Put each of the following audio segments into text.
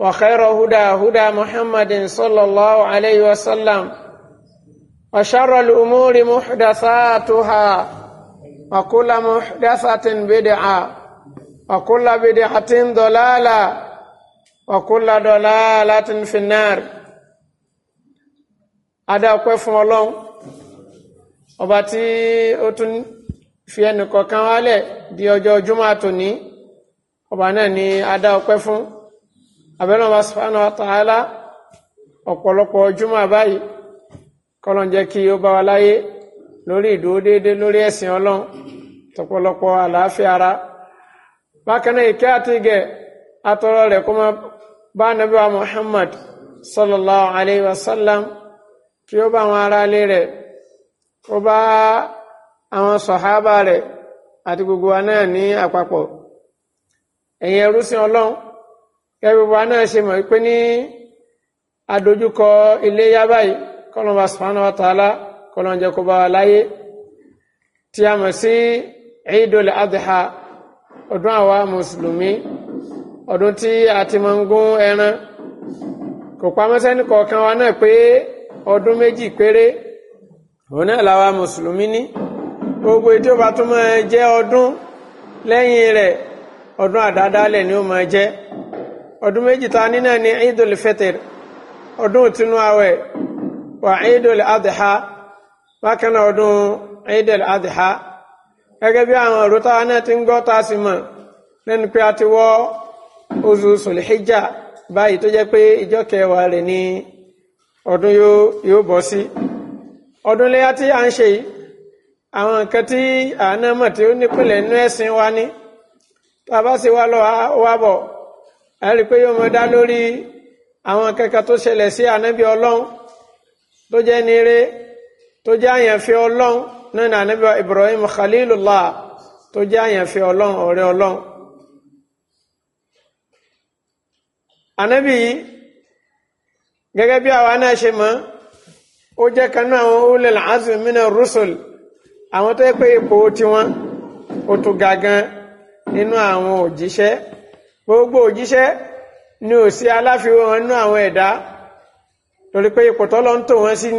وخير هدى هدى محمد صلى الله عليه وسلم وشر الأمور محدثاتها وكل محدثة بدعة وكل بدعة ضلالة وكل ضلالة في النار أدعوك فún Ọlọ́run ọba tí ó tún fi ẹnì kọ̀ọ̀kan wálẹ̀ di ọjọ́ Jímọ̀ àtòní ọba náà abẹ́rẹ́ ọba sùpánù àtàlá ọ̀pọ̀lọpọ̀ ọjúmọ̀ báyìí kọ́lọ́n jẹ́ kí ó bá wa láyé lórí ìdúró déédé lórí ẹ̀sìn ọlọ́run tọ̀pọ̀lọpọ̀ àlàáfíà ara bákan náà ìkẹ́ àti atọ́rọ rẹ̀ kó máa bá nàbí wa Muhammad sallallahu alayhi wa sallam kí ó bá àwọn ará ilé rẹ̀ kó bá àwọn sọ̀hábà rẹ̀ àti gbogbo wa náà ní àpapọ̀ ẹ̀yin ẹrú sí ọlọ́run gbogbo aná ṣe mọ̀ pé ní adójúkọ iléyá báyìí kọlọ́nba subhanahu wa ta'ala kọlọ́njẹ kó bá wa láyé tí a mọ̀ sí Eidul Adha ọdún àwa mùsùlùmí ọdún tí a ti máa ń gún ẹran kò pamọ́ sẹ́ni kọ̀ọ̀kan wa náà pé ọdún méjì péré òun náà làwa mùsùlùmí ní gbogbo ètò ìbátúmọ̀ jẹ́ ọdún lẹ́yìn rẹ̀ ọdún àdádálẹ̀ ni ó máa jẹ́ ọdún méjì ta ní náà ni Eidul Fitr ọdún ìtúnú àwẹ̀ wà Eidul àdìhá bákan ọdún Eidul àdìhá gẹ́gẹ́ bí àwọn ọ̀rọ̀ náà ti ń gbọ́ tá a mọ̀ lẹ́nu pé a ti wọ́ oṣù Sulhijja báyìí tó jẹ́ pé ìjọ kẹwàá ni ọdún yóò bọ́ sí ọdún léyà tí a ń ẹ rí i pé yóò mọ dá lórí àwọn kankan tó ṣẹlẹ̀ sí ànábì ọlọ́run tó jẹ́ nire tó jẹ́ àyànfẹ́ ọlọ́run náà ní ànábì Ibrahim Khalilullah tó jẹ́ àyànfẹ́ ọlọ́run ọ̀rẹ́ ọlọ́run. ànábì yìí gẹ́gẹ́ bí àwa náà ṣe mọ̀ ó jẹ́ kan náà àwọn ulul azmi minar rusul àwọn tó yẹ pé ipò tiwọn ó tún ga gan nínú àwọn òjíṣẹ́ gbogbo òjíṣẹ́ ni ò sí aláfiwé wọn nú àwọn ẹ̀dá torí pé ipò tọ́lọ́ ń tò wọ́n sí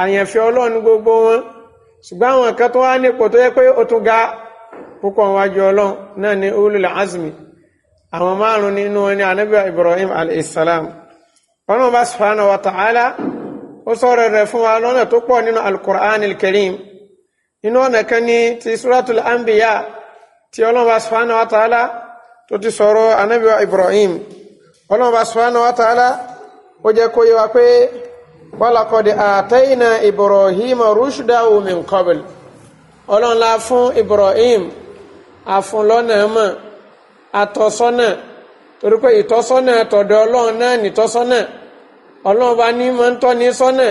àyànfẹ́ ọlọ́run gbogbo wọn ṣùgbọ́n àwọn kan tó wá ní ipò tó yẹ pé ó tún ga púpọ̀ wájú ọlọ́run náà ni ulul azmi àwọn márùn nínú wọn ni anabi ibrahim alayhisalam ọlọ́run bá subhanahu wa ta'ala ó sọ̀rọ̀ rẹ̀ fún wa lọ́nà tó pọ̀ nínú alukur'an alkarim inú ọ̀nà kan ní ti suratul anbiya tí ọlọ́run bá subhanahu wa ta'ala toti soro anabi wa ibrahim ono ba subhanahu wa o je ko yewa pe wala ko de ataina ibrahim rushdahu min qabl olon la fun ibrahim afun lona mo atosona eriko ko itosona to do olon na ni tosona olon ba nto ni sona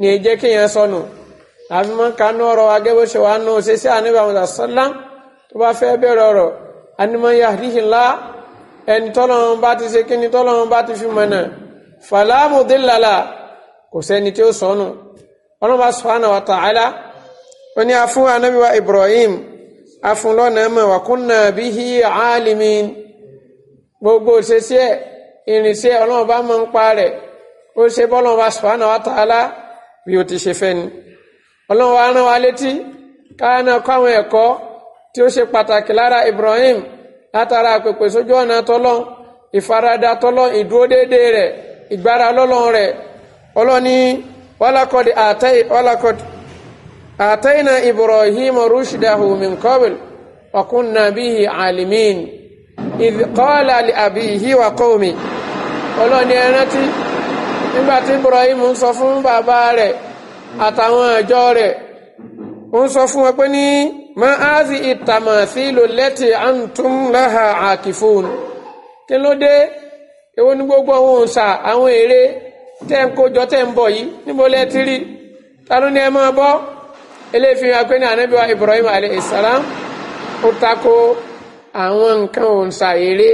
ni je sonu abi mo kanu oro age bo se wa no se se anabi wa sallam to ba fe be oro animaya rihila ẹni tọ́lọ́run bá ti ṣe kíni tọ́lọ́run bá ti fi mọ̀nà fàlámù délàlà kò sẹ́ni tí ó sọnù ọlọ́mọba subhanahu wa ta'ala ó ní afún anábíwá Ibrahim afúnlọ́nà mọ̀ wàkúnnà bihi alimin gbogbo òṣèṣe irinṣẹ́ ọlọ́mọba mọ̀ ń pa rẹ̀ ó ṣe bọ́lọ́mọba subhanahu wa ta'ala bí ó ti ṣe fẹ́ ni ọlọ́mọba rán wa létí káyọ̀ ẹ̀kọ́ tí ó ṣe pàtàkì lára Ibrahim látara àpèpè sójú ọ̀nà tọ́lọ́n ìfaradà tọ́lọ́n ìdúró déédéé rẹ̀ ìgbára lọ́lọ́n rẹ̀ ọlọ́ni walakọ̀dì àtẹ́yìnà Ibrahim rushdahu min qabl wa kunna bihi alimin idh qala li abihi wa qawmi ọlọ́ni ẹrántí nígbà tí Ibrahim ń sọ fún bàbá rẹ̀ àtàwọn ìjọ rẹ̀ ń sọ fún wọn pé ní ma azi itamasilu leti antum laha akifun kí ló dé èwo ní gbogbo ohun ṣà àwọn eré tẹ́ ń kójọ tẹ́ ń bọ̀ yìí níbo lẹ́ ti rí ni ẹ máa bọ́ eléyìí fi hàn pé ní anabi wa ibrahim aleyhisselam ó tako àwọn nǹkan ohun ṣà eré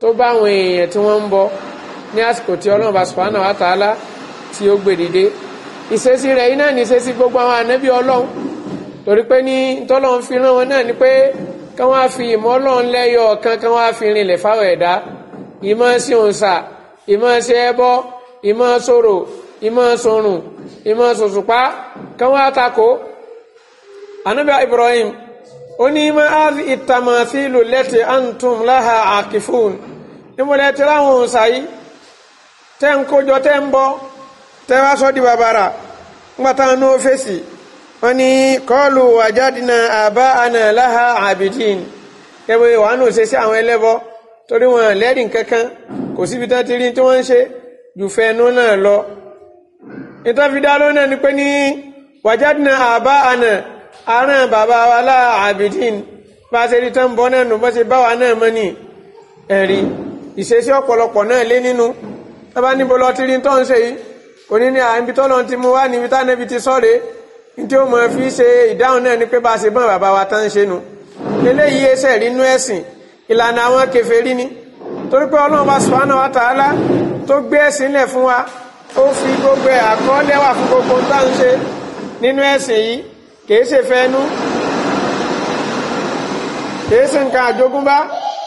tó bá àwọn èèyàn tí wọ́n ń bọ ní àsìkò tí ọlọ́run bá subhanahu wa ta'ala tí ó gbèdìde isesi rẹ̀ iná gbogbo àwọn anabi ọlọ́run. torí pé ní tọ́lọ́run fi rán wọn náà ni pé kí wọ́n á fi ìmọ̀ ọlọ́run lẹ́yọ ọ̀kan kí wọ́n á fi rinlẹ̀ fáwọn ẹ̀dá ìmọ̀ sí òǹsà ìmọ̀ sí ẹbọ ìmọ̀ sòrò ìmọ̀ sòrùn ìmọ̀ sòṣùpá kí wọ́n á takò anábíà Ibrahim ó ní ìmọ̀ áàzì ìtàmọ̀sílù lẹ́tì antum láha àkìfún ìmọ̀lẹ́ ti ráwọn òǹsà yìí tẹ́ ń kójọ tẹ́ ń bọ́ tẹ́ wá sọ́ di bàbàrà wọ́n ní kọlù wàjádìna àbá àna láha àbìdín ẹgbẹ́ wà nù ṣe sí àwọn ẹlẹ́bọ torí wọn lẹ́rìn kankan kò síbi tán ti rí tí wọ́n ń ṣe jù fẹ́nu náà lọ ìtọ́fidá lónà ni pé ní wàjádìna àbá àna àrùn bàbá wa láha àbìdín bá ṣe rí tán bọ́ náà nù bó ṣe bá wa náà mọ́ ni ẹ̀rí ìṣesí ọ̀pọ̀lọpọ̀ náà lé nínú tọ́ba níbo lọ ti rí tó ń ṣe yìí kò ní ní àìbítọ́lọ́ tí ó mọ̀ fi ṣe ìdáhùn náà ni pé bá a ṣe bọ́n bàbá wa tán ń ṣe nu eléyìí ẹsẹ̀ rínú ẹ̀sìn ìlànà àwọn kèfèrí ni torí pé ọlọ́run bá subhanahu wa ta'ala tó gbé ẹ̀sìn lẹ̀ fún wa ó fi gbogbo àkọọ́lẹ̀ wà fún gbogbo tá à ń ṣe nínú ẹ̀sìn yìí kìí ṣe fẹ́nu kìí ṣe nǹkan àjogúnbá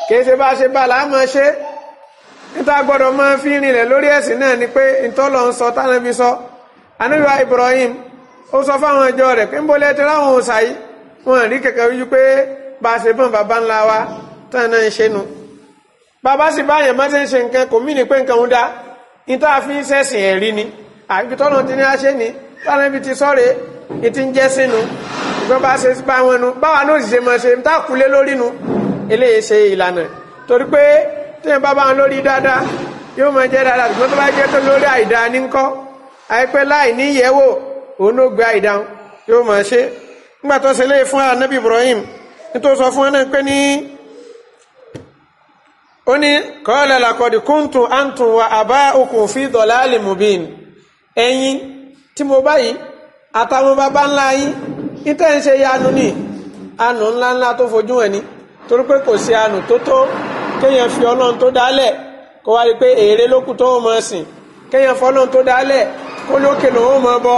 kìí ṣe bá ṣe bá láàmọ́ ṣe níta gbọ́dọ̀ máa fi rinlẹ̀ lórí ẹ̀sìn náà ni pé ìtọ́lọ́ ń sọ tánàbí sọ Ibrahim ó sọ fáwọn ìjọ rẹ̀ pé ń bó lẹ́tọ́ láwọn òòsà wọn rí kẹ̀kẹ́ wíjú pé bá a ṣe bọ́n bàbá ńlá wa tán náà ń ṣe nu bàbá sì bá àyàn mọ́tẹ́ ń ṣe nǹkan kò mí ní pé nǹkan ń dá níta fi ń sẹ̀sìn ẹ̀rí ni àbí tọ́nà ti ní àṣẹ ni tọ́nà ibi ti sọ́ọ̀rẹ́ ni ń jẹ́ sínú ìgbọ́n bá ṣe bá wọn nu báwa náà sì ṣe mọ̀ ṣe ń tá kulé lórí nu eléyìí ṣe ìlànà torí pé téèyàn bá bá wọn lórí dáadáa yóò máa jẹ́ dáadáa ṣùgbọ́n tó bá jẹ́ tó lórí àìdáa ní ńkọ́ àìpẹ́ láì níyẹ̀wò ono ló gba ìdáhùn yóò máa ṣe nígbà tó ṣe léè fún anabi ibrahim nítorí sọ fún ẹ náà pé ní ó ní kọ́ọ̀lẹ̀ làkọ̀dì kúntùn àǹtùn wa àbá òkun fi dọ̀láàlì mùbín ẹ̀yin tí mo báyìí àtàwọn bàbá ńlá yín nítẹ̀ ń ṣe yanu ní anù ńlá ńlá tó fojú ẹ̀ ní torí pé kò sí anù tó tó kéèyàn fi ọlọ́run tó dálẹ̀ kó wá rí pé èrè lókù tó mọ̀ sìn kéèyàn fọlọ́run tó dálẹ̀ kó lókè lòun mọ̀ bọ́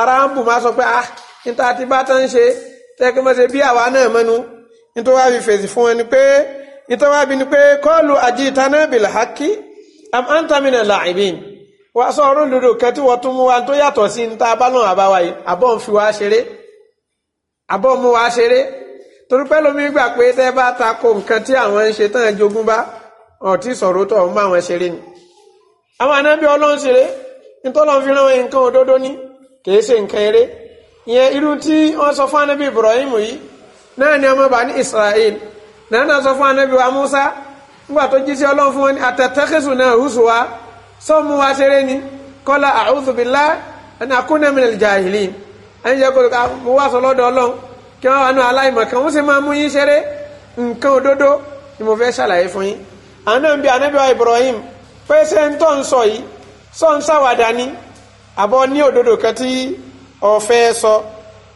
ara ń bù máa sọ pé ah níta ti bá tán ṣe tẹ́kí mọ́ ṣe bí àwa náà mọ́nu nítorí wàá fi fèsì fún ẹni pé nítorí wàá bí ni pé kọ́ọ̀lù àjí ìtaná bìlà hákì am antamina làìbìn wàá sọ ọrùn lòdò kan tí wọ́n tún mú wa tó yàtọ̀ sí níta abálọ̀n àbáwá yìí àbọ̀ ń fi wá ṣeré àbọ̀ mú wa ṣeré torí pẹ́ lómi gbà pé tẹ́ bá ta ko nǹkan tí àwọn ń ṣe tán jogún bá ọ̀tí sọ̀rọ̀ tó ọ̀hún máa wọn ṣeré ni àwọn anábì ọlọ́run ṣeré nítorí wọn fi rán nǹkan òdodo ni kìí ṣe nǹkan eré ìyẹn irú tí wọ́n sọ fún anábì Ibrahim yìí náà ni ọmọ bá ní Israel náà náà sọ fún anábì wa Musa nígbà tó jí sí ọlọ́run fún wọn ní àtẹ̀tẹ́kẹ́sù náà hùsù wa sọ́ọ̀mù wa ṣeré ni kọ́lá a'udhu billahi an akuna minal jahilin ẹni jẹ́ kó mo wá sọ lọ́dọ̀ ọlọ́run kí wọ́n wà nù aláìmọ̀ kan wọ́n sì máa mú yín ṣeré nǹkan òdodo ni mo fẹ́ ṣàlàyé fún yín àná ń bi wa Ibrahim pé ṣé ń tọ́ yìí sọ ni àbọ̀ ní òdodo kan tí ọ̀fẹ́ sọ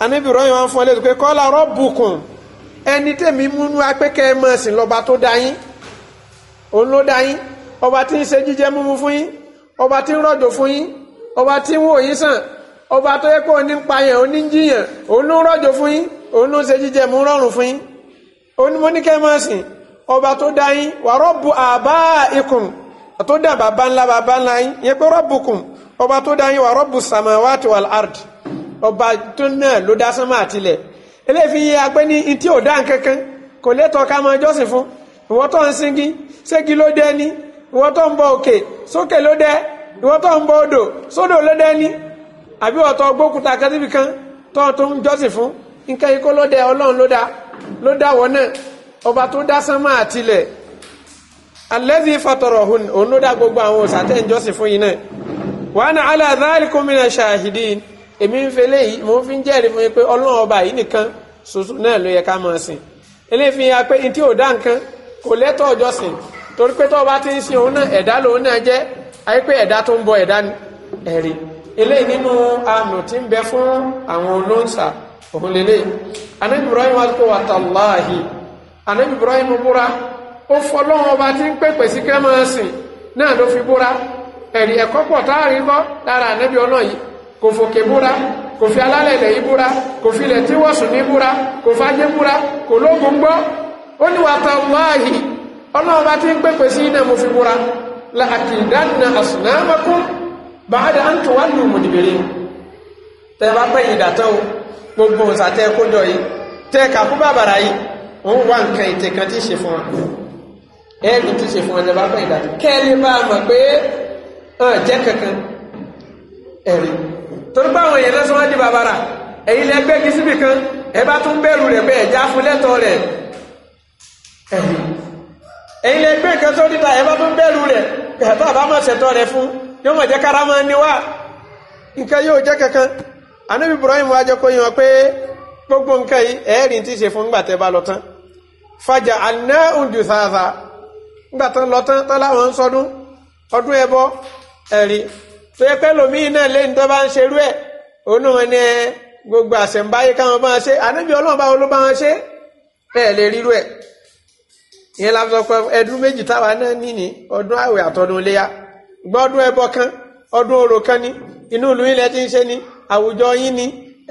anábì rọ́yìn wọn fún ọ lẹ́sùn pé kọ́lá rọ́bùkùn ẹni tẹ̀mí múnú apẹ́kẹ́ mọ̀ sí lọ́ba tó dá yín òun ló dá yín ọba tí ń ṣe jíjẹ múmu fún yín ọba tí ń rọ̀jò fún yín ọba tí ń wò yín sàn ọba tó yẹ kó o ní ń payàn o ní ń jiyàn òun ló ń rọ̀jò fún yín òun ló ń ṣe jíjẹ mú rọrùn fún yín òun mo ní kẹ́ mọ̀ sí ọba tó dá yín wà rọ́bù àbá ikùn tó dá bàbá ńlá bàbá ńlá yín yẹ pé rọ́bùkùn ọba tó dá yín wà rọ́bù samawati wà lard ọba tó náà ló dá sánmà àtìlẹ̀ eléfin yìí agbẹ́ ní ntí ò dá nkankan kò létọ́ ká máa jọ́sìn fún ìwọ́ tó ń singin ségi ló dé ní ìwọ́ tó ń bọ òkè sókè ló dé ìwọ́ tó ń bọ odò sódò ló dé ní àbí ọ̀tọ̀ gbókùtà kẹ́síbi kan tó ń tó ń jọ́sìn fún nkẹ́yìn kó ló dé ọlọ́run ló dá ló dá wọ́n náà ọba tó dá sánmà àtìlẹ̀ alẹ́ fi fọ́tọ̀rọ̀ òun ló dá gbogbo àwọn òsàtẹ́ ìjọsìn fún yìí náà. wa na ala dhalikum shahidin èmi ń fẹ́ léyìí mò ń fi ń jẹ́rìí fún yín pé ọlọ́run ọba yìí nìkan ṣoṣo náà ló yẹ ká máa sìn eléyìí fi hàn pé n tí ò dá nǹkan kò lẹ́tọ̀ ọjọ́ sìn torí pé tọ́ba ti ń sin òun náà ẹ̀dá lòun náà jẹ́ ayé pé ẹ̀dá tó ń bọ ẹ̀dá ẹ̀rí eléyìí nínú àmì tí ń bẹ fún àwọn olóńsà òun lélẹ̀ kó ẹ̀rí ẹ̀kọ́ pọ̀ táàrí kọ́ lára ànẹ́bí ọ̀nà yìí kò fòkè búra kò fi alálẹ̀ ilẹ̀ yìí búra kò fi ilẹ̀ tí wọ́n sùn ní búra kò fàájé búra kò lóògùn gbọ́ ó ní ọlọ́run bá ti ń pèpè sí iná mo fi búra la ń tún wá lù mù o gbogbo yìí tẹ kàkú bàbàrà yìí nǹkan tí ì ṣe fún ẹ̀ẹ́dì ọ̀jẹ́ kankan ẹ̀rí torí pé àwọn èèyàn lọ́sọ́ wọn di bàbàrà ẹ̀yin lẹ gbé kí síbì kan ẹ bá tún fún lẹ gbé tó ẹ bá tún bẹ̀rù rẹ̀ ẹ̀tọ́ àbámọ̀ ṣẹ̀tọ́ rẹ̀ fún yóò mọ̀ jẹ́ kára máa nǹkan yóò jẹ́ kankan ẹ̀rí tó yẹ pé lòmíì náà lẹ́yìn tó bá ń ṣerú ẹ̀ òun náà ní gbogbo àṣẹ̀ǹbáyé káwọn bá ń ṣe ànábì ọlọ́run báwo ló bá ń ṣe ẹ̀ lè rírú ẹ̀ ìyẹn la sọ pé ẹdún méjì táwa náà ní ní ọdún àwẹ̀ àtọdún iléyà gbọ́dún ẹbọ kan ọdún orò kan ní inú ìlú ilẹ̀ ti ń ṣe ní àwùjọ yín ní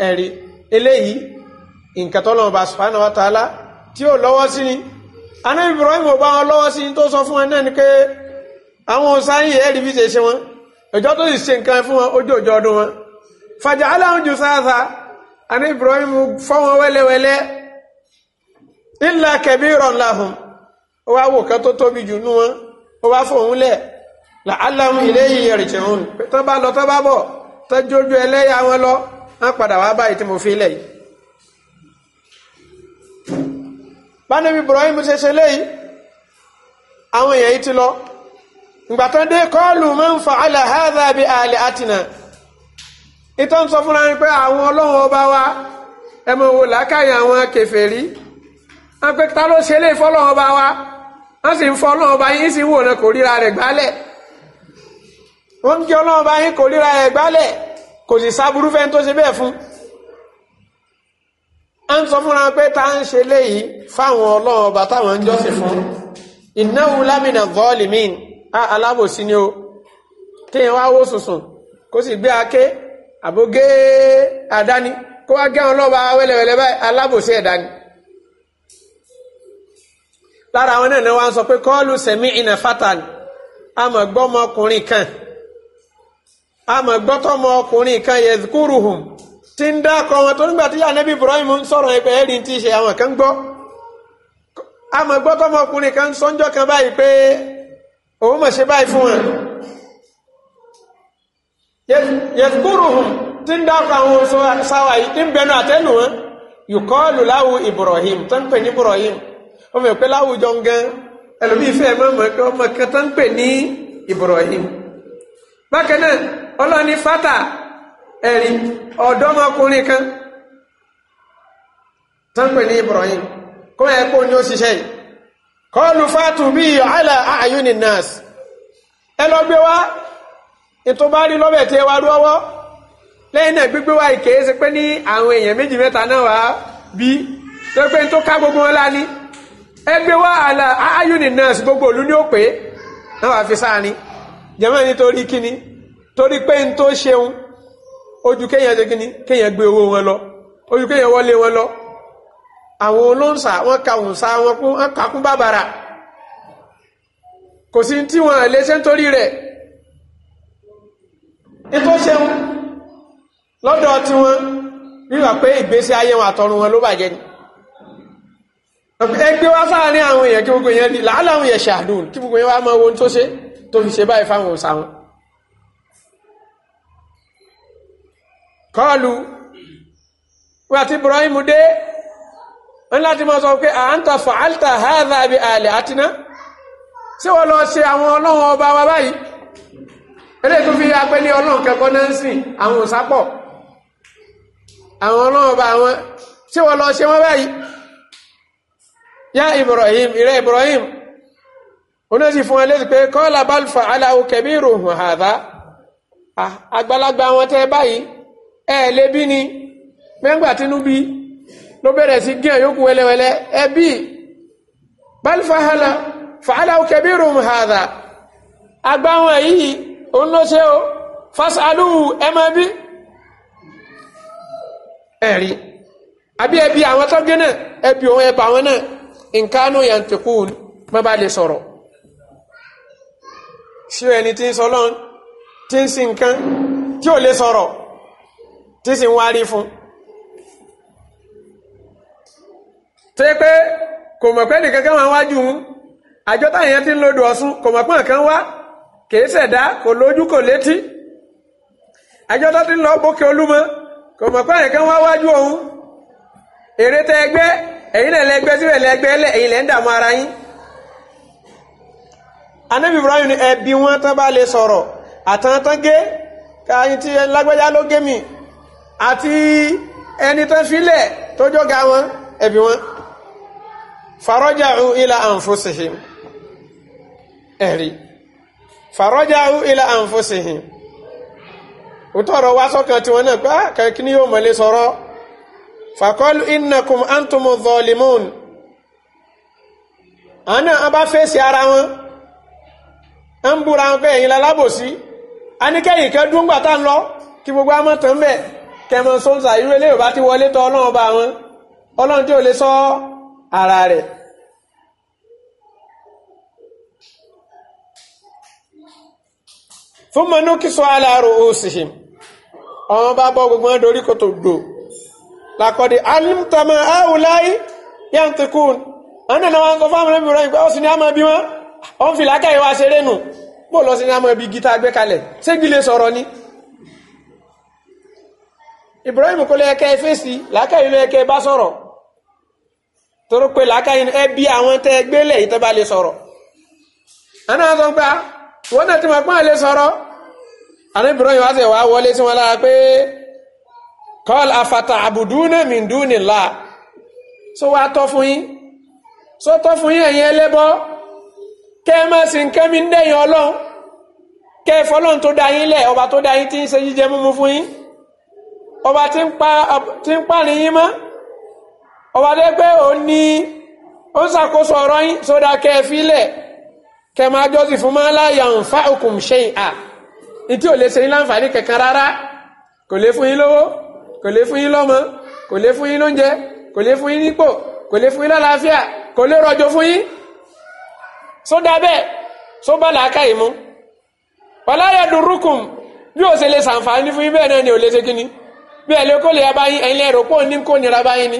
ẹ̀rí eléyìí nǹkan tọ́lọ́run bá subhanahu wa ta'ala tí ò lọ́wọ́ sí ni ànábì Ibrahim ò bá wọn lọ́wọ́ sí ni tó sọ fún ẹ náà ni pé àwọn sáyìn yẹ́ rí bí ṣe ṣe wọn ọjọ́ tó sì ṣe nǹkan fún wọn ojú ọjọ́ ọdún wọn fàjà aláhùn jù sáàsà àní Ibrahim fọ́wọn wẹ́lẹ́wẹ́lẹ́ ńlá kẹbí rọ̀nláhùn ó wá wò kan tó tóbi jù nú wọn ó wá fòun lẹ̀ là aláwọn tó bá lọ tó bá bọ̀ tó jójú ẹlẹ́yà wọn lọ wọn padà wá báyìí tí mo fi yìí bá níbi Ibrahim ṣe ṣe léyìí àwọn èèyàn yìí ti lọ ìgbàtán dé kọlù man fa'ala hadha bi alihatina ìtọ́ ń sọ fúnra ní pé àwọn ọlọ́run ọba wa ẹmọ wo làákàyè àwọn kèfèrí wọn pé ta ló ṣe lè fọ́lọ́run ọba wa wọn sì ń fọ́ ọlọ́run ọba yín sì ń wòran kò ríra rẹ̀ gbálẹ̀ wọn ń jẹ ọlọ́run ọba yín kò ríra rẹ̀ gbálẹ̀ kò sì sáburú fẹ́ tó ṣe bẹ́ẹ̀ fún a ń sọ fúnra pé ta ń ṣe léyìí fáwọn ọlọ́run ọba táwọn ń jọ́sìn fún innahu lamina zalimin Ah, alábòsí ni o téèyàn wá wó sùnsùn kó sì gbé aké àdáni kó wá gé àwọn wẹ́lẹ́wẹ́lẹ́ báyìí alábòsí ni lára àwọn náà ni wọ́n sọ pé kọ́ọ̀lù sẹ̀mí fátàlì kan kan yẹ̀dùkúrùhùn ń wọn tó nígbà tí Ibrahim ń sọ̀rọ̀ ẹgbẹ́ ẹ̀rí ti ṣe àwọn kan gbọ́ kan sọ́njọ́ kan báyìí òun mọ̀ ṣe báyìí fún wọn yẹ̀kúrùhùn tí ń dákọ̀ àwọn sáwà yìí tí ń bẹnu àtẹ́lù wọn yùkọ́ọ̀lù láwù Ibrahim tó ń pè ní Ibrahim o mọ̀ pé láwùjọ gan ẹlòmí ìfẹ́ ọmọ kan tó ń pè ní Ibrahim bákan náà ọlọ́ni fata ẹ̀rí ọ̀dọ́mọkùnrin kan tó ń pè ní Ibrahim kó ẹ̀kọ́ ni ó ṣiṣẹ́ yìí kọlu fatu bí ala àyúni nas ẹlọgbé wá ètò bá rí lọ́bẹ̀ tí ẹ wá lọ́wọ́ lẹ́yìn náà gbígbé wá ìkéé ṣe pé ní àwọn èèyàn méjì mẹ́ta náà wá bí tó pé tó ká gbogbo wọn lání ẹgbé wá ala àyúni nas gbogbo òlú ní òpè náà wà fi sáàrin jẹ́mọ́ nítorí kíni torí pé tó ṣeun ojú kéèyàn ṣe kíni kéèyàn gbé owó wọn lọ ojú kéèyàn wọlé wọn lọ àwọn olóǹsà wọ́n ka òǹsà wọn kún wọ́n kàkún bàbàrà kò sí tí wọ́n lè ṣe ń torí rẹ̀ ètò ṣeun lọ́dọ̀ tí wọ́n wíwà pé ìgbésí ayé wọn àtọrun wọn ló bàjẹ́ ni ẹgbẹ́ wá sáàrin àwọn èèyàn kí gbogbo èèyàn rí làálà àwọn èèyàn ṣàdùn kí gbogbo èèyàn wá mọ ohun tó ṣe tó fi ṣe báyìí fáwọn òòsà wọn kọlù wíwà tí Ibrahim dé ńlá ti máa sọ pé à ń ta fàáltà háàdà bí àlè àtiná ṣé wọ́n lọ ṣe àwọn ọlọ́run ọba wa báyìí eléyìí tó fi apẹ́ ní ọlọ́run kẹ́kọ́ náà ń sìn àwọn òsápọ̀ àwọn ọlọ́run ọba wọn ṣé wọ́n lọ ṣe wọ́n báyìí yá Ibrahim ìrẹ́ Ibrahim oníṣì fún ẹlẹ́sì pé kọ́lá bá aláwọ̀ kẹ̀mí ìròhùn àdá àgbàlagbà wọn tẹ́ báyìí ẹ̀ ni mẹ́ngbà tínú ló bẹ̀rẹ̀ sí gíyàn yókù wẹ́lẹ́wẹ́lẹ́ ẹbí balfahala fàálà òkèbí rùm hàdà agbáwọn yìí òun ló ṣe o fásalù ẹmọ bí ẹ̀rí àbí ẹbí àwọn tọ́gẹ́ náà ẹbí òun ẹbà wọn náà nǹkanú yantikun má bá lè sọ̀rọ̀ ṣí ẹni tí ń sọ lọ́n tí ń sin nǹkan tí ò lè sọ̀rọ̀ tí sì wárí fún tó yẹ pé kò mọ̀ pé nìkan kan máa wájú un àjọ táyà ti ń lodò ọ̀sùn kò mọ̀ pé wá kò lójú kò létí àjọ tó ti ń lọ bókè olúmọ kò mọ̀ pé nìkan wá wájú òun èrè tẹ ẹgbẹ́ ẹ̀yin náà síbẹ̀ ara yín ni ẹbí wọn tán bá lè gé tí lágbájá ló gé mi àti ẹni tán faraja'u ila anfusihim ẹ̀rí faraja'u ila anfusihim òtọ́rọ̀ wá sọ́kàn tí wọ́n náà pé kẹ́kí ah, ni yóò mọ̀lé sọ̀rọ̀ faqalu innakum antumu zalimun àwọn náà bá fèsì ara wọn ń búra wọn pé ẹ̀yin lalábòsí a ní kẹ́yìn kẹ́ dúngbà tá ń lọ kí gbogbo àmọ́ tán bẹ̀ kẹmọ sọ́nsà irú eléyìí ti wọlé tọ́ ọlọ́run bá wọn ọlọ́run tí ò lè sọ ara rẹ̀ fún mọ́nú kí sọ aláàrò òsìhìm ọmọ bá bọ́ gbogbo dorí kò tó dò làkọ̀dé alimtama áwùláyé yantikun ọ̀nà náà wọn kọ fáwọn ẹbí rẹ̀ pé ó sì ní àmọ́ bí wọn ó ń fi làákà ìwà ṣeré nù bó lọ sí ní àmọ́ ibi gíta gbé kalẹ̀ ségilé sọ̀rọ̀ ni Ibrahim kò ẹkẹ fèsì làákà ìlú ẹkẹ bá sọ̀rọ̀ toro pé làákàyè ẹ bí àwọn tẹ́ ẹ gbélé yìí tẹ́ bá lè sọ̀rọ̀ ẹnu àwọn tó ń gbà ah, wọn náà ti máa pọ́n àlè sọ̀rọ̀ àní ìbúrọ̀ wá sí wàá wọlé sí wọn lára pé kọ́l àfàtà àbùdúnà mìndúnìlá so wàá tọ́ fún yín so tọ́ fún yín ẹ̀yin ẹlẹ́bọ kẹ́ ẹ máa sìn kẹ́mi ń dẹ̀yìn ọlọ́run kẹ́ ẹ fọlọ́run tó dá yín lẹ̀ ọba tó dá yín ti ń ṣe jíjẹ mímu fún yín ọba ti ń pa ni yín mọ́ ọba dé pé ó ní ó ń ṣàkóso ọ̀rọ̀ yín sódà kẹ́ ẹ fílẹ̀ kẹ́ ẹ máa jọ́sìn fún máa láyà ń fa òkùn ṣe ń à nítí ò lè ṣe yín láǹfààní kankan rárá kò lè fún yín lówó kò lè fún yín lọ́mọ kò lè fún yín lóúnjẹ kò lè fún yín nípò kò lè fún yín lálàáfíà kò lè rọ̀jò fún yín sódà bẹ́ẹ̀ só bá làákà yìí mú ọláyà dùrúkùn bí ó ṣe lè ṣàǹfààní fún yín bẹ́ẹ̀ náà ni ò lè ṣe kíni bí ẹ̀ lè kó lè yá báyìí ẹ̀yin lè rò pé ní kò nira báyìí ni.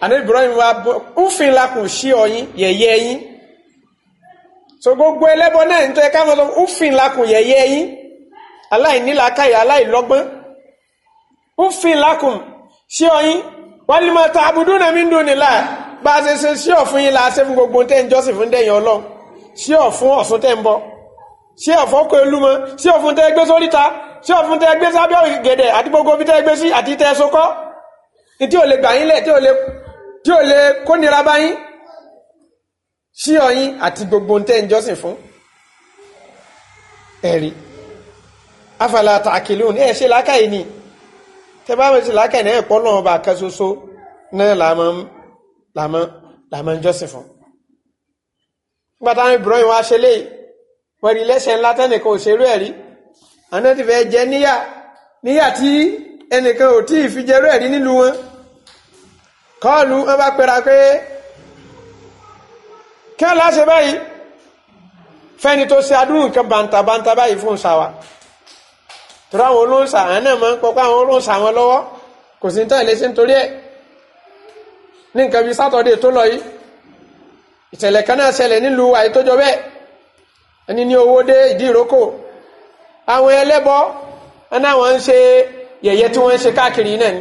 ànábì Ibrahim wa òfin lakùn sí ọyìn yẹ̀yẹ́ yín so gbogbo ẹlẹ́bọ náà ń tọ́ ẹ káwọn lọ òfin lakùn yẹ̀yẹ́ yín aláìnílàákàyà aláìlọ́gbọ́n òfin lakùn sí ọyìn wọ́n ní máa ta abudúnà mi ń dùn nílà bá a ṣe ṣe sí ọ̀fun yín la ṣe fún gbogbo tẹ́ ń jọ́sìn fún dẹ́yìn ọlọ́run sí ọ̀fun ọ̀sùn tẹ́ ń bọ́ sí ọ̀fọ́ kọ elúmọ sí ọ̀fun tẹ́ gbé sóríta sí ọ̀fun tẹ́ gbé sábẹ́ gẹ̀dẹ̀ àti gbogbo bí tẹ́ gbé sí àti tẹ́ sokọ́ tí ò lè gbà yín lẹ̀ tí ò lè tí ò lè kó nira bá yín sí ọyìn àti gbogbo ntẹ́ ń jọ́sìn fún ẹ̀rí afala tàkìlún ẹ̀ ṣe lákàyè ni tẹ́ bá mọ̀ sí lákàyè náà ẹ̀pọ́ lọ́wọ́ bá kan ṣoṣo náà làmọ́ ń jọ́sìn fún nígbà táwọn Ibrahim wá ṣe léyìí wọ́n rí lẹ́sẹ̀ ńlá tẹ́nìkan ò ẹ̀rí àná ti fẹ́ jẹ níyà níyà tí ẹnìkan ò tí ì fi jẹrú ẹ̀rí nílùú wọn kọlù wọ́n bá pẹ́ra pé kí wọ́n láṣẹ báyìí fẹ́ni tó ṣe adúrú nǹkan bàǹtàbàǹtà báyìí fún ṣàwà torí àwọn olóńsà àwọn náà máa ń pọpá àwọn olóńsà wọn lọ́wọ́ kò sí tán ìlẹ́sìn torí ẹ̀ ní nǹkan bíi sátọ̀dé tó lọ yìí ìṣẹ̀lẹ̀ kan náà ṣẹlẹ̀ nílùú àyè tó jọ bẹ́ẹ̀ ẹni ní owó dé ìdí ìrókò àwọn ẹlẹ́bọ ẹ náà ń ṣe yẹ̀yẹ́ tí wọ́n ń ṣe káàkiri náà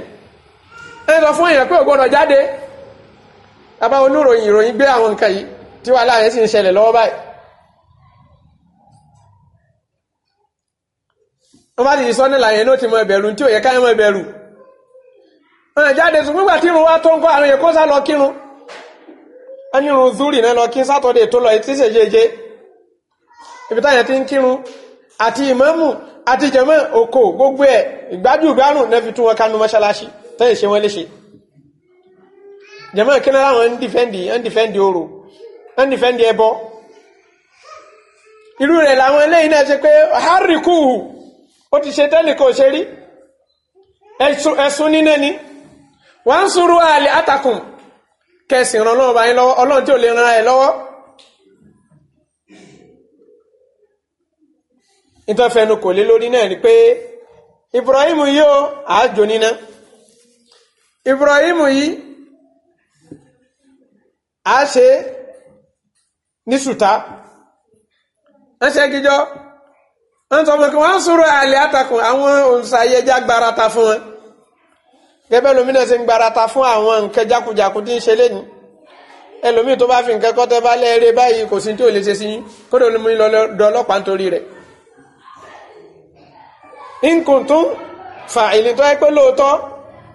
ẹ lọ fún èèyàn pé ògbọ́dọ̀ jáde bàbá oníròyìn ìròyìn gbé àwọn nǹkan yìí tí wà láàrin sí ń ṣẹlẹ̀ lọ́wọ́ báyìí wọ́n bá ti sọ ní làyẹn ló ti mọ ìbẹ̀rù tí ò yẹ káyọ̀ mọ ìbẹ̀rù ọ̀nà jáde sùn nígbà tí irun wa tó ń kọ́ àrùn yẹn kó sá lọ tẹ́yìn ṣe wọ́n léṣe jẹ́mọ́ kí náà wọ́n ń dìfẹ́ndì ń dìfẹ́ndì oro ń dìfẹ́ndì ẹbọ irú rẹ̀ làwọn eléyìí náà ṣe pé harriku ó ti ṣe tẹ́lẹ̀ kò ṣe rí ẹ̀sùn nínú ẹni wọ́n ń sùúrù àlè àtàkùn kẹsìn ràn ìtọ́fẹ́nu kò lé lórí náà ni pé Ibrahim yóò àájò níná Ibrahim yìí a ṣe ní ṣùtá ń ṣe gíjọ́ ń sọ fún kí wọ́n sọ̀rọ̀ àlẹ́ àtàkùn àwọn òǹṣàyẹjá gbarata fún wọn gẹ́gẹ́ lómìnà ṣe ń gbarata fún àwọn nǹkan jákujàku tí ń ṣe lẹ́nu ẹlòmíì tó bá fi nǹkan kọ́tẹ́ bá lẹ́ẹ̀rẹ́ báyìí kò sí tí ò lè ṣe sí kódò ló mú yín lọ ọlọ́pàá nítorí rẹ̀ in kuntum fa'ilin tó yẹ pé lóòótọ́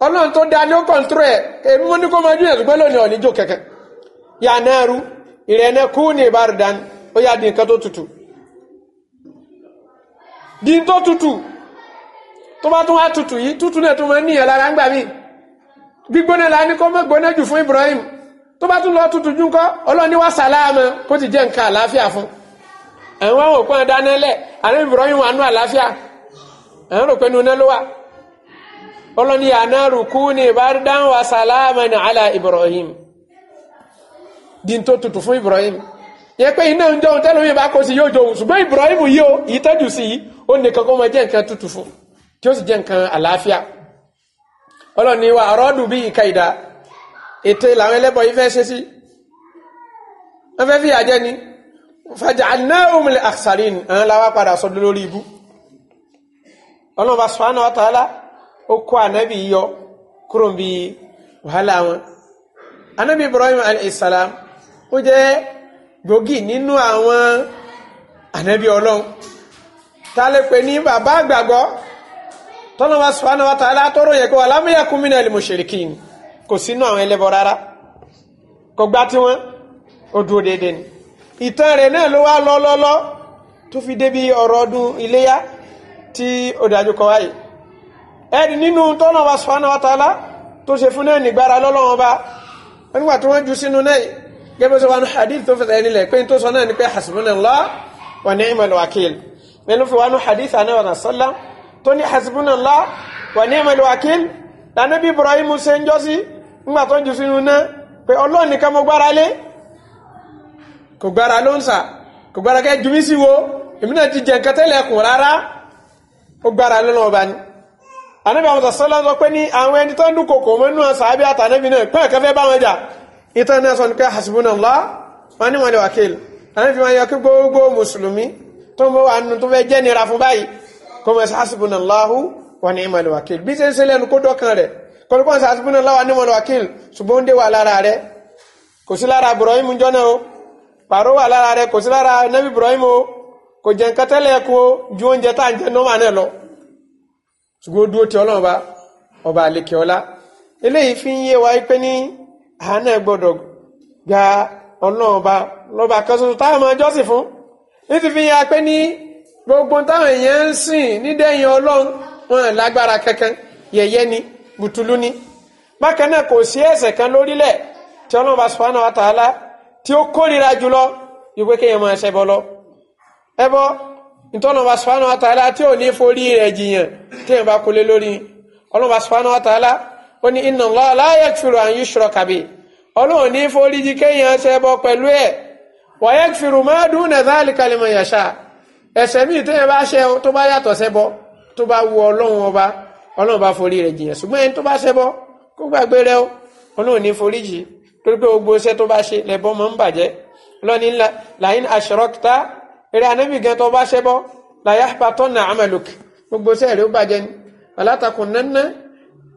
ọlọ́run tó dá ní ó kọ̀ǹtúrò ẹ̀ èmi mo ní kó máa dúnyàn ṣùgbọ́n lónìí ọ̀ní jò kẹ̀kẹ́ yà náà rú ìrẹ̀nà kú ní ìbáradan ó yà di nǹkan tó tutù di tó tutù tó bá tún wá tutù yìí tutù náà tún máa ń níyàn lára ńgbà mí gbígbóná la ní kó má gbóná jù fún Ibrahim tó bá tún lọ tutù jù ńkọ́ ọlọ́run ní wá sàlámà kó ti jẹ́ nǹkan àlàáfíà fún àwọn òpin dáná lẹ̀ Ibrahim wà nú àlàáfíà àwọn òpin nu náà ló wà ọlọ́ni ànáàrù kú ní bardan wa salaman ala Ibrahim di tó tutù fún Ibrahim yẹ pé iná ń jọun tẹ́lómi bá kó sí yóò jọun ṣùgbọ́n Ibrahim yìí ó yìí tẹ́jú sí yìí ó nìkan kó máa jẹ́ nǹkan tutù fún tí ó sì jẹ́ nǹkan àlàáfíà ọlọ́ni wa àrọ́dù bí ìkaìdá ètè làwọn ẹlẹ́bọ̀ yìí fẹ́ ṣe sí wọ́n fẹ́ fi àjẹ́ ni faja'alnahum al-akhsarin àwọn làwọn padà sọdún lórí ibú ọlọ́ba subhanahu wa ó kó ànábì yọ kúrò bí anabi Ibrahim alayhisalam ó jẹ́ ninu awon anabi ànábì Ọlọ́run ta lè pè ní bàbá àgbàgbọ́ tọ́lọ́wà subhanahu wa ta'ala tọ́rọ yẹ kó alam yakun minal mushrikin kò sínú àwọn ẹlẹ́bọ̀ rárá kò gbá tí wọ́n ó dúró déédéé ni ìtàn rẹ̀ náà ló wá lọ́lọ́lọ́ tó fi débi ọ̀rọ̀ ọdún tí ó dájú kọ wáyìí ẹ̀rì nínú tọ́nà wa sọ́nà wa tààlà tó ṣe fún náà nígbára lọ́lọ́wọ́n bá nígbà tí wọ́n ju sínú náà gẹ́gẹ́ sọ wánú hadith tó fẹsẹ̀ nílẹ̀ pé tó sọ náà ni pé hasbunallah wa ní hasbunallah wakil lànà bí Ibrahim ṣe ń jọ́ sí nígbà tó ju sínú náà pé Ọlọ́run nìkan mo ọba ni anabi àwọn sọ́lá sọ pé ní àwọn ẹni tó ń dúnkòkò mọ́nú àṣàbí àtànẹ́bì náà pẹ́ ẹ̀kẹ́ fẹ́ bá wọn jà ìtàn náà sọ ní pé hasbunallah wọn ní wọn lè wàkìl anabi wọn yọ kí gbogbo mùsùlùmí tó ń bọ́ àánú tó fẹ́ jẹ́ nira fún báyìí kó mọ̀ sí hasbunallahu wa ni'mal wakil bí ṣe ń ṣe lẹ́nu kó dọ́kan rẹ̀ kọ́lùkọ́ sí hasbunallahu wa ni'mal wakil ṣùgbọ́n ń dé wà lára rẹ̀ kò sí lára Ibrahim lọ ṣùgbọ́n ó dúró ti ọlọ́run bá ọba àlekè ọlá eléyìí fi ń yé wa pé ní àánà gbọ́dọ̀ gba ọlọ́run lọ́ba kan ṣoṣo táwọn ọmọ jọ́sìn fún ní ti fi ya pé ní gbogbo táwọn èèyàn ń sìn nídẹ̀yìn ọlọ́run wọn lágbára kankan yẹ̀yẹ́ ni bùtùlù ni bákan náà kò sí ẹ̀ṣẹ̀ kan lórílẹ̀ tí ọlọ́run bá sọ̀rọ̀ wa ta'ala tí ó kórira jùlọ ìwé kéèyàn máa ṣẹbọ lọ ẹbọ ntọ́nàmà subhanahu wa ta'ala tí ò ní forí rẹ̀ jiyàn tí ẹ̀ bá kulé lórí ọlọ́mà subhanahu wa ta'ala ó ní inna Allah la yakfiru an yushraka bi ọlọ́run ní forí jí kéèyàn ṣe bọ́ pẹ̀lú ẹ̀ wa yakfiru ma duna dhalika liman yasha ẹ̀ṣẹ̀ míì tí ẹ̀ bá ṣe tó bá yàtọ̀ ṣe bọ́ tó bá wu ọlọ́run ọba ọlọ́run bá forí rẹ̀ jiyàn ṣùgbọ́n ẹni tó bá ṣe bọ́ eré anábì gan tó bá ṣẹbọ làyà pàtó nà amaluk gbogbo sẹ́ẹ̀rì ó bàjẹ́ ni alátakùn nánà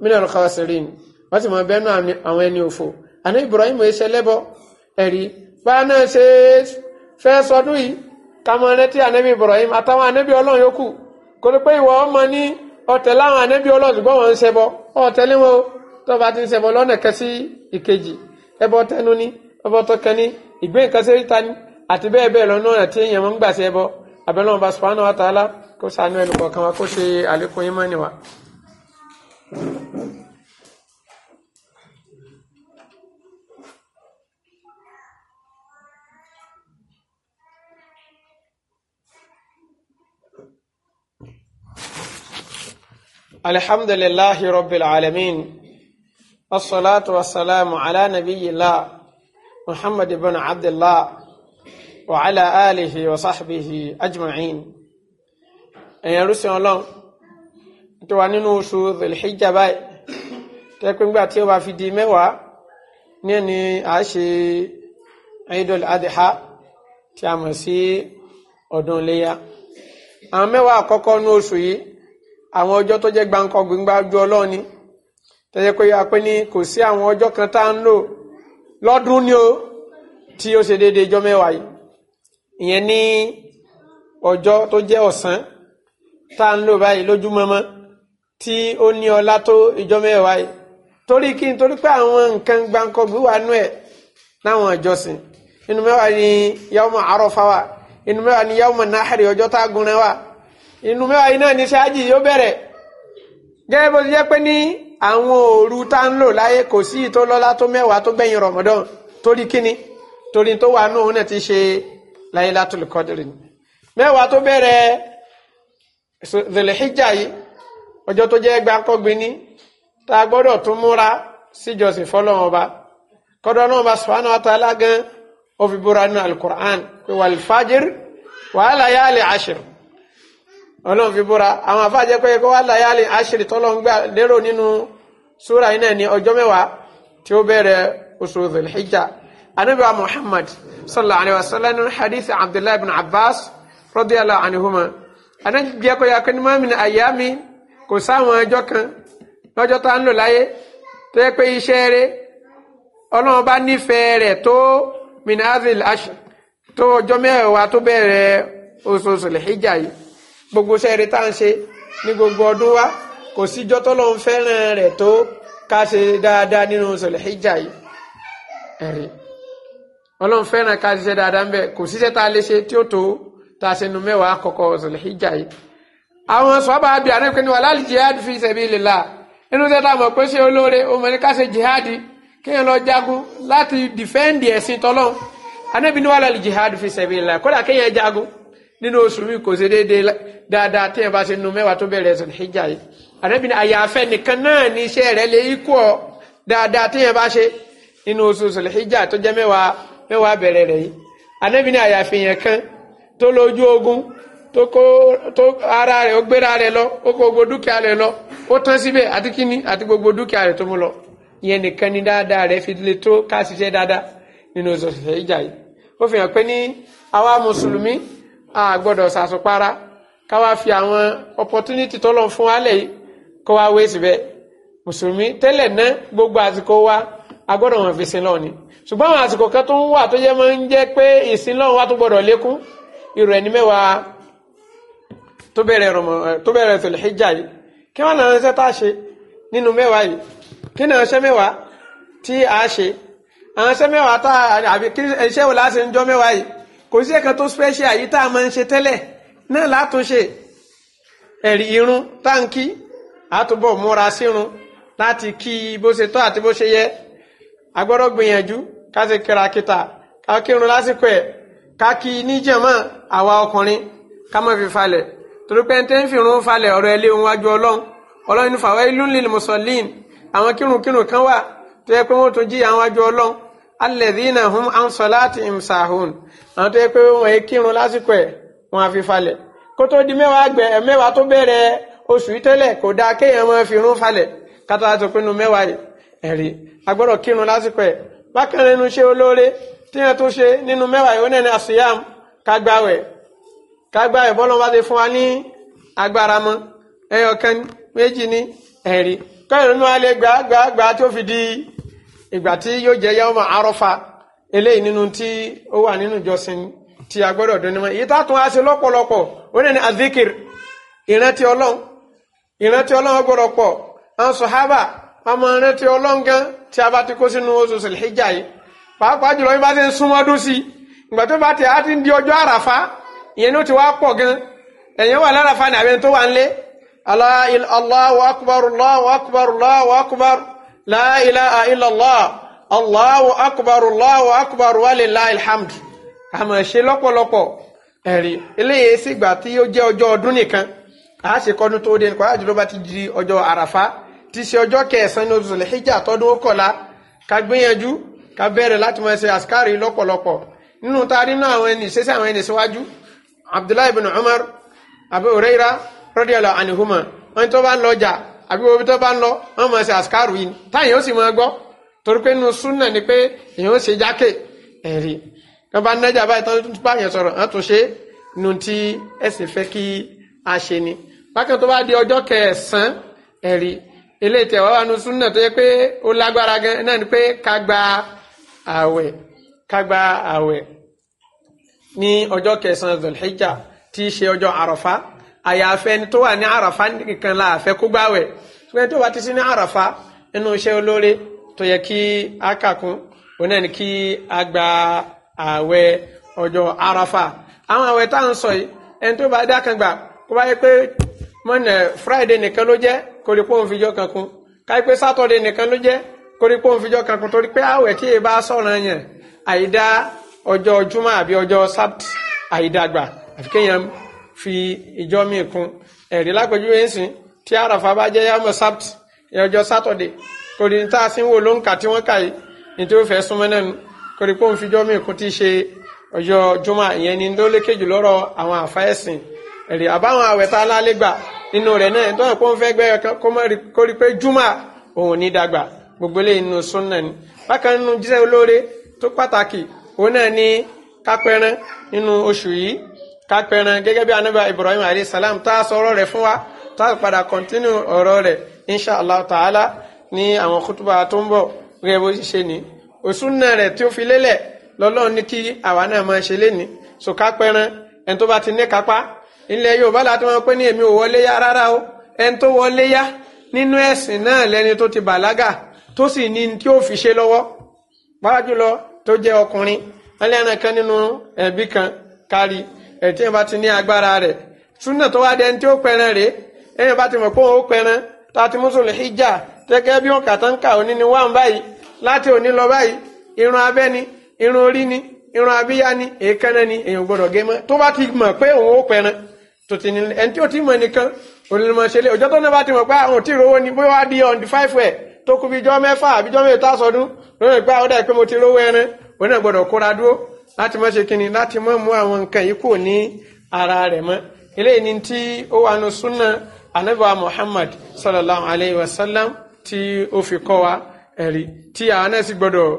mìíràn kọ́sìrín wọ́n sì mọ bẹ́nu àwọn ẹni òfò àná Ibrahim ẹ ṣẹlẹ́bọ ẹ̀rí bá náà ṣe fẹ́ sọdún yìí kámọ́ rántí anábì Ibrahim àtàwọn anábì ọlọ́run yòókù kò ní pé ìwọ ọmọ ní ọ̀tẹ̀ láwọn anábì ọlọ́run ṣùgbọ́n wọn ń ṣẹbọ àti bẹ́ẹ̀ bẹ́ẹ̀ lọ́nà ọ̀nà tí èèyàn máa ń gbà sí ẹbọ abẹ́lọ́wọ́n bá subhanahu wa kó ṣàánú ẹnì kọ̀ọ̀kan wa kó ṣe àlékún ìmánì wa. الحمد لله رب العالمين والصلاة والسلام على نبي الله محمد بن عبد الله وعلى آله وصحبه أجمعين ẹ̀yìn ẹrúsìn ọlọ́run tó wà nínú oṣù zèlìhíjà báyìí tẹ́pẹ́ ńgbà tí ó bá fi di mẹ́wàá ní ẹni à á ṣe Eidul Adha tí a mọ̀ sí ọdún iléyà àwọn mẹ́wàá àkọ́kọ́ ní oṣù yìí àwọn ọjọ́ tó jẹ́ gbáǹkọ́ gbígbájú ọlọ́run ni tẹ́jẹ́ pé a pé ní kò sí àwọn ọjọ́ kan tá à ń lò lọ́dún ni ó tí ó ṣe déédéé ọjọ́ mẹ́wàá yìí ìyẹn ní ọjọ́ tó jẹ́ ọ̀sán tá à ń lò báyìí lójúmọmọ tí ó ní ọlá tó ìjọ mẹ́wàá yìí torí kí n torí pé àwọn nǹkan gbàǹkọ̀gbì wà nú ẹ̀ láwọn ìjọsìn inú mẹ́wàá ni yawma Arafa wà inú mẹ́wàá ni yawma nahari ọjọ́ tá a gunrẹ́ wà inú mẹ́wàá yìí náà ni ṣáájì yóò bẹ̀rẹ̀ gẹ́gẹ́ bó ti jẹ́ pé ní àwọn òru tá ń lò láyé kò sí ìtọ́lọ́lá tó mẹ́wàá tó gbẹ̀yìn Ramadan torí kíni torí tó wà nú òun náà ti ṣe Laila Qadr ni mẹ́wàá tó bẹ̀rẹ̀ Dhul-Hijjah yìí ọjọ́ tó jẹ́ gbàǹkọ́gbìn ní tá a gbọ́dọ̀ tún múra síjọsìn fọlọ́run ọba kọ́dọ̀ náà bá subhanahu wa ta'ala gan ó búra nínú al-Qur'an pé wal-fajr wa layali ashr ọlọ́run fi búra àwọn afáàjẹ́ pé kó wa layali ashr tọ́lọ́run gbà lérò nínú súra yìí náà ní ọjọ́ mẹ́wàá tí ó bẹ̀rẹ̀ oṣù dhul anabi wa muhammad sallallahu alaihi wasallam nínú hadith abdullahi ibn abbas radiyallahu anhuma anabi ẹkọ ya kọ ní mọ́mí ní àyà mi kò sáwọn ọjọ́ kan lọ́jọ́ tá ń lò láyé tó yẹ pé iṣẹ́ rẹ̀ ọlọ́run bá nífẹ̀ẹ́ rẹ̀ tó minazil ash tó ọjọ́ mẹ́wàá tó bẹ̀rẹ̀ oṣooṣù lè gbogbo iṣẹ́ rẹ̀ tá ń gbogbo ọdún wa kò síjọ́ tó lọ́n fẹ́ràn rẹ̀ tó ká ṣe dáadáa nínú oṣooṣù lè hijja yìí ọlọ́run fẹ́ràn ká ṣiṣẹ́ dáadáa ń bẹ̀ kò síṣẹ́ tá a lè ṣe tí ó tó tá a ṣe nu mẹ́wàá àkọ́kọ́ Zulhijja yìí. àwọn sọ́ba abẹ́ àrẹ́pẹ́ ni wà láti jihad fi sabilillah inú tẹ́ tá a mọ̀ pé ṣé olóore ó mọ̀ ní ká ṣe jihad kéèyàn lọ jagun láti dìfẹ́ǹdì ẹ̀sìn tọ́lọ́run anábì ni wà láti jihad fi sabilillah kódà kéèyàn jagun nínú oṣù mi kò ṣe déédéé dáadáa téèyàn bá ṣe nu mẹ́wàá tó bẹ̀rẹ̀ Zulhijja yìí anábì ni àyàfẹ́ nìkan náà ní iṣẹ́ rẹ̀ lè kú ọ dáadáa téèyàn bá ṣe nínú oṣù Zulhijja tó jẹ́ mẹ́wàá mẹ́wàá bẹ̀rẹ̀ rẹ̀ yìí anábì ní àyàfi yẹn kan tó lójú ogun tó kó tó ara rẹ̀ ó gbéra rẹ̀ lọ ó kó gbogbo dúkìá rẹ̀ lọ ó tán síbẹ̀ àti kíní àti gbogbo dúkìá rẹ̀ tó mú lọ ìyẹn nìkan ni dáadáa rẹ̀ fi lè tó ká ṣiṣẹ́ dáadáa nínú ìsọ̀sẹ̀ ìjà yìí ó fi hàn pé ní àwa mùsùlùmí a gbọ́dọ̀ sàṣùpara káwa fi àwọn opportunity tọ́lọ̀ fún wa lẹ̀ yìí kó wa wé síbẹ̀ mùsùlùmí tẹ́lẹ̀ náà gbogbo àsìkò wa agbọ́dọ̀ wọn fi sin lọ́wọ́ ni ṣùgbọ́n àwọn àsìkò kan tó ń wà tó yẹ máa ń jẹ́ pé ìsin lọ́wọ́ wa tó gbọ́dọ̀ lékún irú ẹni mẹ́wàá tó bẹ̀rẹ̀ tòlẹ̀ hijja yìí kí wọ́n náà ṣe tá a ṣe nínú mẹ́wàá yìí kí náà ṣe mẹ́wàá tí a ṣe àwọn ṣe mẹ́wàá tá àbí kí iṣẹ́ wò láti ń jọ mẹ́wàá yìí kò sí ẹ̀kan tó special yìí tá a máa ń ṣe tẹ́lẹ̀ náà látúnṣe ẹ̀rí irun táǹkì àtúbọ̀ múra sírun láti kí bó ṣe tọ́ àti bó ṣe yẹ agbọ́dọ̀ gbìyànjú ká ti kíra kíta ká kírun lásìkò ẹ̀ ká kí i níjàmọ́ àwa ọkùnrin ká má fi falẹ̀ torí pé ẹni tẹ́ ń fi irun falẹ̀ ọ̀rọ̀ ẹ̀ léwu wájú ọlọ́run ọlọ́run ní fàwọn ìlú lílì àwọn kírunkírun kan wà tó yẹ pé wọ́n tún jí àwọn wájú ọlọ́run alẹ́dínà hum ansolati imsahun àwọn tó yẹ pé wọ́n yẹ kírun lásìkò ẹ̀ wọ́n á fi falẹ̀ kó tó di mẹ́wàá gbẹ̀ mẹ́wàá tó bẹ̀rẹ̀ oṣù tẹ́lẹ̀ kò dáa kéèyàn máa fi irun falẹ̀ kátó àtòpinnu mẹ́wàá yìí ẹ̀rí agbọ́dọ̀ kírun lásìkò ẹ̀ bákan nínú iṣẹ́ olóore tí wọ́n tún ṣe nínú mẹ́wàá ìwé náà ní kágbáwẹ̀ kágbáwẹ̀ bá ti fún wa ní agbára mọ́ ẹyọ kan méjì ní ẹ̀rí kọ́yìn nínú alẹ́ gbà gbà gbà tí ó fi di ìgbà tí yóò jẹ́ eléyìí nínú tí ó wà nínú ìjọsìn tí dún ọmọ rántí ọlọ́ngán tí a bá ti kó sínú oṣù sèlhíjà yìí pàápàá jùlọ bí bá ti ń súnmọ́dún sí i ìgbà tó bá ti á ti ń di ọjọ́ àràfá ìyẹn ní ó ti wá pọ̀ gan ẹ̀yẹn wà láràfá ní àbẹ̀ tó wà ń lé Allahu akbar Allahu akbar Allahu akbar la ilaha illallah Allahu akbar Allahu akbar walillahil hamd àmọ̀ ṣe lọ́pọ̀lọpọ̀ ẹ̀rí eléyìí sígbà tí ó jẹ́ ọjọ́ ọdún nìkan àá ṣe kọ́dún ti ṣe ọjọ́ kẹsàn-án ní oṣù lẹ́hìjà tọdún ọkọ̀lá ká gbìyànjú ká bẹ̀rẹ̀ láti máa ṣe àṣkárì lọ́pọ̀lọpọ̀ nínú taari náà àwọn ẹni ṣẹṣẹ àwọn ẹni ṣíwájú abdullahi bin umar abu huraira radiyallahu anhuma wọn tó bá ń lọ jà àbí obi tó bá ń lọ wọn máa ṣe àṣkárì yìí táyà ó sì máa gbọ́ torí pé nínú súnà ni pé èèyàn ó ṣe jákè ẹ̀rí kan bá nájà báyìí tó bá bá ẹ̀rí ilé ìtẹ̀wá wà nù súnà tó yẹ pé ó lágbára gan náà ni pé ká gba àwẹ̀ ká gba àwẹ̀ ní ọjọ́ kẹsàn-án zulhijja tí í ṣe ọjọ́ àràfá àyàfẹ́ ni tó wà ní àràfá nìkan láàfẹ́ kó gbàwẹ̀ ṣùgbọ́n tó bá ti sí ní àràfá nínú iṣẹ́ olóore tó yẹ kí a kà òun náà ni kí a gba àwẹ̀ ọjọ́ àràfá àwọn àwẹ̀ tá à ń sọ yìí ẹni tó bá dá kan gbà kó bá yẹ pé mọ́nà friday nìkan ló jẹ́ kórí pé òun fijọ́ kan kún káyí pé sátọ̀dé nìkan ló jẹ́ kórí pé òun fijọ́ kan kún torí pé àwẹ̀ tí èèbá sọ̀rọ̀ yẹn àyídá ọjọ́ júmọ́ àbí ọjọ́ sábt àyídá àfi kéèyàn fi ìjọ́ míì kún ẹ̀rí lápẹjúwe ń sìn tí àràfà bá jẹ́ yàmọ̀ sábt ọjọ́ sátọ̀dé kórí ní tá a sì ń wò ló ń kà tí wọ́n kà yìí ní tí ó fẹ́ súnmọ́ náà kórí pé òun fijọ́ míì kún ti ṣe ọjọ́ júmọ́ ìyẹn ni lólékejì lọ́rọ̀ àwọn àfáẹ́sìn ẹ̀rí àbáwọn àwẹ̀ tá a lálé gbà inú rẹ̀ náà tó àpò ń fẹ́ gbẹ́ kan kó rí pé júmà òun ní dàgbà gbogbo eléyìí nínú súnà ni bákan nínú jíṣẹ́ olóore tó pàtàkì òun náà ní kápẹ́rán nínú oṣù yìí kápẹ́rán gẹ́gẹ́ bí anábà Ibrahim alayhi salam tá a sọ ọ̀rọ̀ rẹ̀ fún wa tá a padà kọ́ntínú ọ̀rọ̀ rẹ̀ insha Allah ta'ala ní àwọn kútùbà tó ń bọ̀ gẹ́gẹ́ bó ṣe ní òsúnà rẹ̀ tí ó fi lélẹ̀ lọ́lọ́run ní kí àwa náà máa ṣe léni so kápẹ́rán ẹni tó bá ti ní kápá ilẹ̀ yorùbá láti wọn pé ní èmi ò wọlé yá rárá o ẹni tó wọlé yá nínú ẹ̀sìn náà lẹni tó ti bàlágà tó sì ní tí ó fi ṣe lọ́wọ́ pàápàá jùlọ tó jẹ́ ọkùnrin ẹlẹ́ran kan nínú ẹ̀bí kan kárí ẹ̀tí ẹ̀ bá ti ní agbára rẹ̀ súnà tó wá dẹni tí ó pẹran rèé ẹ̀yìn bá ti mọ̀ pé òun ó pẹran tàti mùsùlùmí hijja gẹ́gẹ́ bí wọn kàtà ń kà òní ni wọ́n báyìí láti òní lọ báyìí irun abẹ́ ni irun orí ni irun abíyá ni èékánná ni èèyàn gbọ́dọ̀ gé mọ́ tó bá ti mọ̀ pé òun ó pẹran tó ti ní ẹni tí ó ti mọ̀ nìkan olùmọ̀ṣẹ́lẹ̀ ọjọ́ tó náà bá ti mọ̀ pé àwọn tí rówó ni bóyá di on the five way tó kú bí jọ́ mẹ́fà àbí jọ́ mẹ́ta sọdún lónìí pé àwọn dàbí pé mo ti rówó ẹran òun náà gbọ́dọ̀ kóra dúró láti mọ̀ ṣe kínni láti mọ̀ mú àwọn nǹkan yìí kò ní ara rẹ̀ mọ́ eléyìí ni tí ó wà nù súnà anábìwá Muhammad sallallahu alayhi wa sallam tí ó fi kọ́ wa ẹ̀rí tí àwọn náà sì gbọ́dọ̀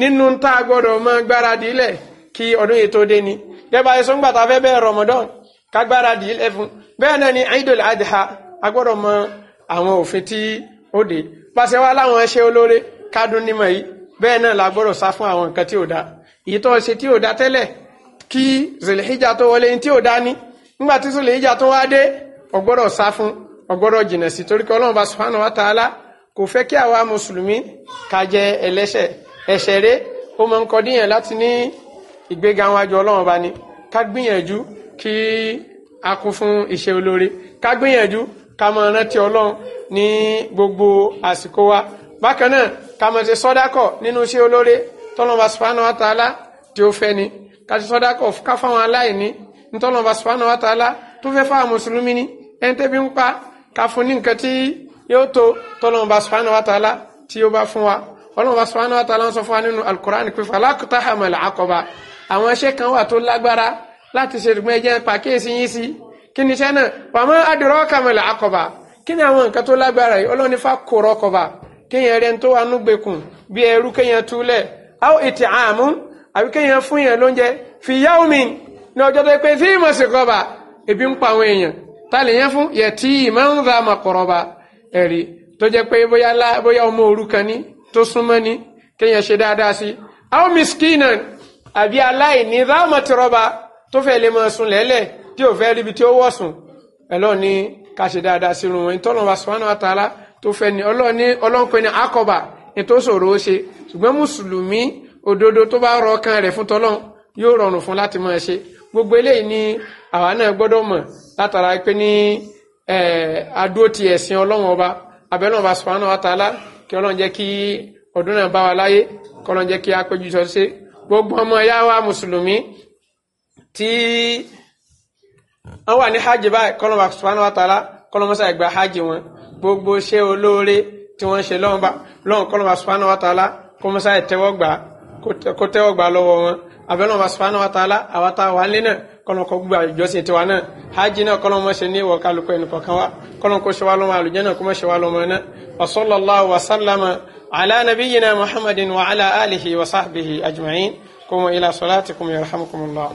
nínú tá a gbọ́dọ̀ máa gbáradì lẹ̀ kí ọdún yìí tó dé ni gẹ́gbà yẹn sọ́ngbà tá a fẹ́ bẹ́ẹ̀ Ramadan ká gbáradì lẹ̀ fún ni Eidul Adha a gbọ́dọ̀ mọ àwọn òfin tí ó dé pàṣẹ wa láwọn ẹṣẹ́ olóore kádùn nímọ̀ yìí bẹ́ẹ̀ náà la gbọ́dọ̀ sá fún àwọn nǹkan tí ò dáa èyí ṣe tí ò dáa tẹ́lẹ̀ kí zèlèhíjà tó wọlé tí ò dáa ní nígbà tí zèlèhíjà tó wa ta'ala kò fẹ́ ẹ̀ṣẹ̀ rẹ ó máa ń kọ díyàn láti ní ìgbéga wájú ọlọ́run bá ní ká gbìyànjú kí a kún fún iṣẹ́ olóore ká gbìyànjú ká máa rántí ọlọ́run ní gbogbo àsìkò wa bákan náà ká máa ṣe sọ́dákọ̀ nínú iṣẹ́ olóore tọ́lọ́mọba subhanahu wa ta'ala tí ó fẹ́ ni ká ṣe sọ́dákọ̀ ká fáwọn aláìní ntọ́lọ́mọba subhanahu wa ta'ala tó fẹ́ fáwọn mùsùlùmí ni ẹni tẹ́bi ń pa ká fún ní nǹkan tí yóò tó tọ́lọ́mọba subhanahu wa tí ó bá fún wa ọlọ́run subhanahu wa ta'ala sọ fún wa nínú alukur'an pé falaqtahama al-aqaba àwọn iṣẹ́ kan wà tó lágbára láti ṣe ìdùgbọ́n ẹjẹ́ pàkíyèsí yín sí kí ni iṣẹ́ náà pàmò adraka mal-aqaba kí ni àwọn nǹkan tó lágbára yìí ọlọ́run fa kò rọ́kọ̀bà kéèyàn rẹ̀ ń tó wà núgbèkùn bí ẹrú kéèyàn túlẹ̀ aw it'amu àbí kéèyàn fún yẹn lóúnjẹ fi yawmin ní ọjọ́ tó pé fíìmù ṣèkọ́bà ebi ń pa àwọn èèyàn ta lè yẹn fún yẹtí ìmọ̀ ń ra màkọ̀rọ̀bà ẹ̀rí tó jẹ́ pé bóyá ọmọ òrukàn ni tó súnmọ́ ni kéèyàn ṣe dáadáa sí aw miskinan àbí aláìní ráàmọ̀tìrọ́ba tó fẹ́ lè máa sun lẹ́lẹ̀ tí ò fẹ́ ríbi tí ó wọ̀ sùn ẹlọ́ọ̀ ni ká ṣe dáadáa sí irun wọn ìtọ́nà wa subhanahu wa ta'ala tó fẹ́ ni ọlọ́ọ̀ ni ọlọ́ǹkọ́ ni akọba ni tó ṣòro ó ṣe ṣùgbọ́n mùsùlùmí òdodo tó bá rọ ọkàn rẹ̀ fún tọ́lọ́n yóò rọrùn fún láti máa ṣe gbogbo eléyìí ni àwa náà gbọ́dọ̀ mọ̀ látara pé ní adó ti ẹ̀sìn ọlọ́run ọba abẹ́lẹ́ ọba wa ta'ala kí ọlọ́run jẹ́ kí ọdún náà bá wa láyé kí ọlọ́run jẹ́ kí a péjú sọ sí gbogbo ọmọ ẹ̀yà wa mùsùlùmí tí wọ́n wà ní hajj báyìí kí ọlọ́run subhanahu wa ta'ala kí ọlọ́run mọ́sá ìgbà hajj wọn gbogbo ṣé olóore tí wọ́n ń ṣe lọ́wọ́n bá lọ́wọ́n kí ọlọ́run subhanahu wa ta'ala kí ọlọ́run mọ́sá ìtẹ́wọ́gbà kó tẹ́wọ́gbà lọ́wọ́ wọn àbẹ́lọ́wọ́n subhanahu wa àwọn táwọn wà ń kọlọn kọ gbogbo àjọsìn tiwa náà hajj náà kọlọn ma ṣe ní ìwọ kálukọ ẹnì kọ̀ọ̀kan wa kọlọn kó ṣe wa lọ́mọ àlùjánnà kó má ṣe wa lọ́mọ náà wa sallallahu wa sallama ala nabiyyina muhammadin wa ala alihi wa sahbihi ajma'in qumu ila salatikum yarhamukumullah.